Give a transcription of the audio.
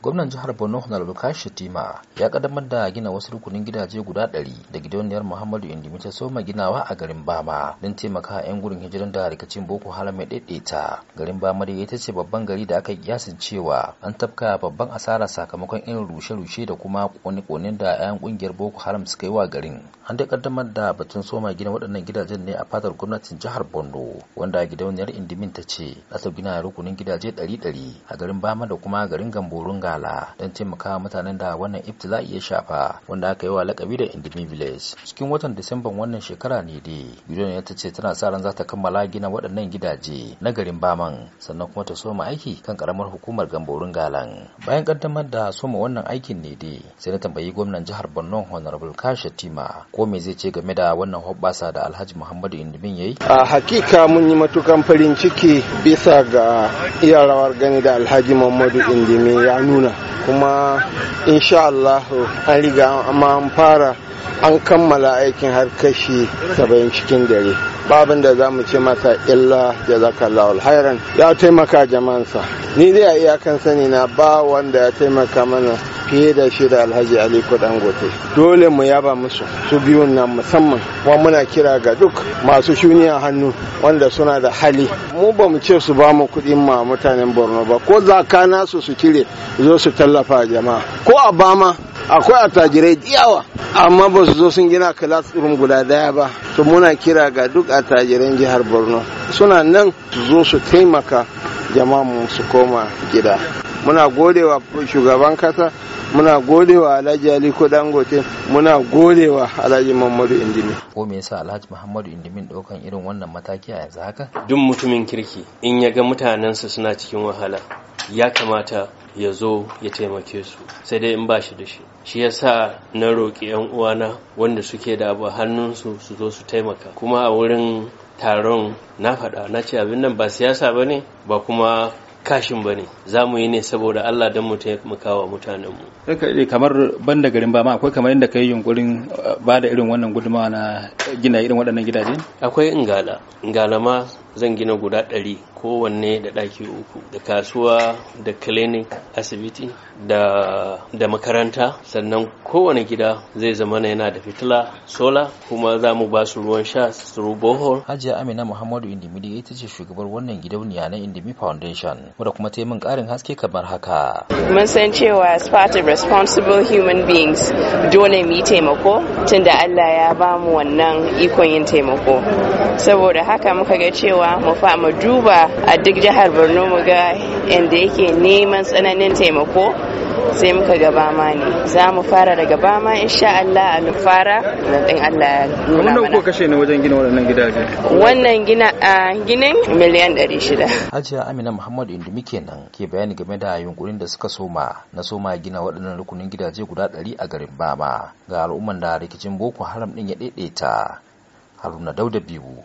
gwamnan jihar borno honar bukashi tima ya kaddamar da gina wasu rukunin gidaje guda ɗari da gidauniyar muhammadu indimi ta soma ginawa a garin bama don taimaka yan gudun hijiran da rikicin boko haram mai daidaita garin bama da ita ce babban gari da aka kiyasin cewa an tafka babban asara sakamakon irin rushe-rushe da kuma kone-konen da yan kungiyar boko haram suka yi wa garin an da kaddamar da batun soma gina waɗannan gidajen ne a fatar gwamnatin jihar borno wanda gidauniyar indimin ta ce za ta gina rukunin gidaje ɗari-ɗari a garin bama da kuma garin gamborunga gala don taimakawa mutanen da wannan ibtila'i ya shafa wanda aka yi wa lakabi da indimi village cikin watan disamban wannan shekara ne dai gidan ta ce tana sa ran za ta kammala gina waɗannan gidaje na garin baman sannan kuma ta soma aiki kan karamar hukumar gamborin galan bayan kaddamar da soma wannan aikin ne dai sai na tambayi gwamnan jihar borno honorable kashe tima ko me zai ce game da wannan hoɓɓasa da alhaji muhammadu indimin ya yi a hakika mun yi matukan farin ciki bisa ga rawar gani da alhaji muhammadu indimi ya nuna nuna kuma insha Allah an riga an fara an kammala aikin har kashi saba'in cikin dare babin da za mu ce masa illa ya zaka lawal hairan ya taimaka jamansa ni dai a iyakan sani na ba wanda ya taimaka mana fiye da shi da alhaji aliko dangote dole mu yaba musu su biyu na musamman Wa muna kira ga duk masu shuniya hannu wanda suna da hali mu ba mu ce su ba mu kuɗi ma mutanen borno ba ko zaka nasu su cire zo su tallafa jama'a ko a bama akwai attajirai yawa amma ba su zo sun gina classroom guda daya ba to muna kira ga duk attajiran jihar borno suna nan su zo su taimaka jama'a su koma gida muna godewa shugaban kasa muna godewa alhaji ali ko dangote muna godewa alhaji muhammadu indimi ko me yasa alhaji muhammadu indimin daukan irin wannan mataki a yanzu haka duk mutumin kirki in ya ga mutanensa suna cikin wahala ya kamata ya zo ya taimake su sai dai in ba shi da shi shi yasa na roƙi 'yan uwana wanda suke da abu hannunsu su zo su taimaka kuma a wurin taron na faɗa na ce abin nan ba siyasa ba ne ba kuma kashin ba ne za mu yi ne saboda Allah don mu taimakawa mutanenmu. kamar ban da garin ba ma akwai kamar yadda ka yi yunkurin eh, ba da irin wannan gudunmawa na gina irin waɗannan gidaje? akwai ingala ingala ma zan gina guda ɗari kowanne da ɗaki uku da kasuwa da clinic asibiti da, makaranta sannan kowane gida zai zama na yana da fitila sola kuma za mu ba su ruwan sha su bohol hajiya amina muhammadu indimidi ita ce shugabar wannan gidauniya na indimi foundation wadda kuma ta yi min ƙarin haske kamar haka mun san cewa as part of responsible human beings dole mu yi taimako tunda allah ya ba mu wannan ikon yin taimako saboda haka muka ga cewa mu fa mu duba a duk jihar borno mu ga inda yake neman tsananin taimako sai muka gaba ma ne za mu fara daga bama insha Allah a fara din Allah ya nuna mana wannan kashe ne wajen gina waɗannan gidaje wannan gina a ginin miliyan ɗari shida. Hajiya Amina Muhammad Indimi kenan ke bayani game da yunkurin da suka soma na soma gina waɗannan rukunin gidaje guda ɗari a garin Bama ga al'umman da rikicin Boko Haram ɗin ya daidaita Haruna Dauda biyu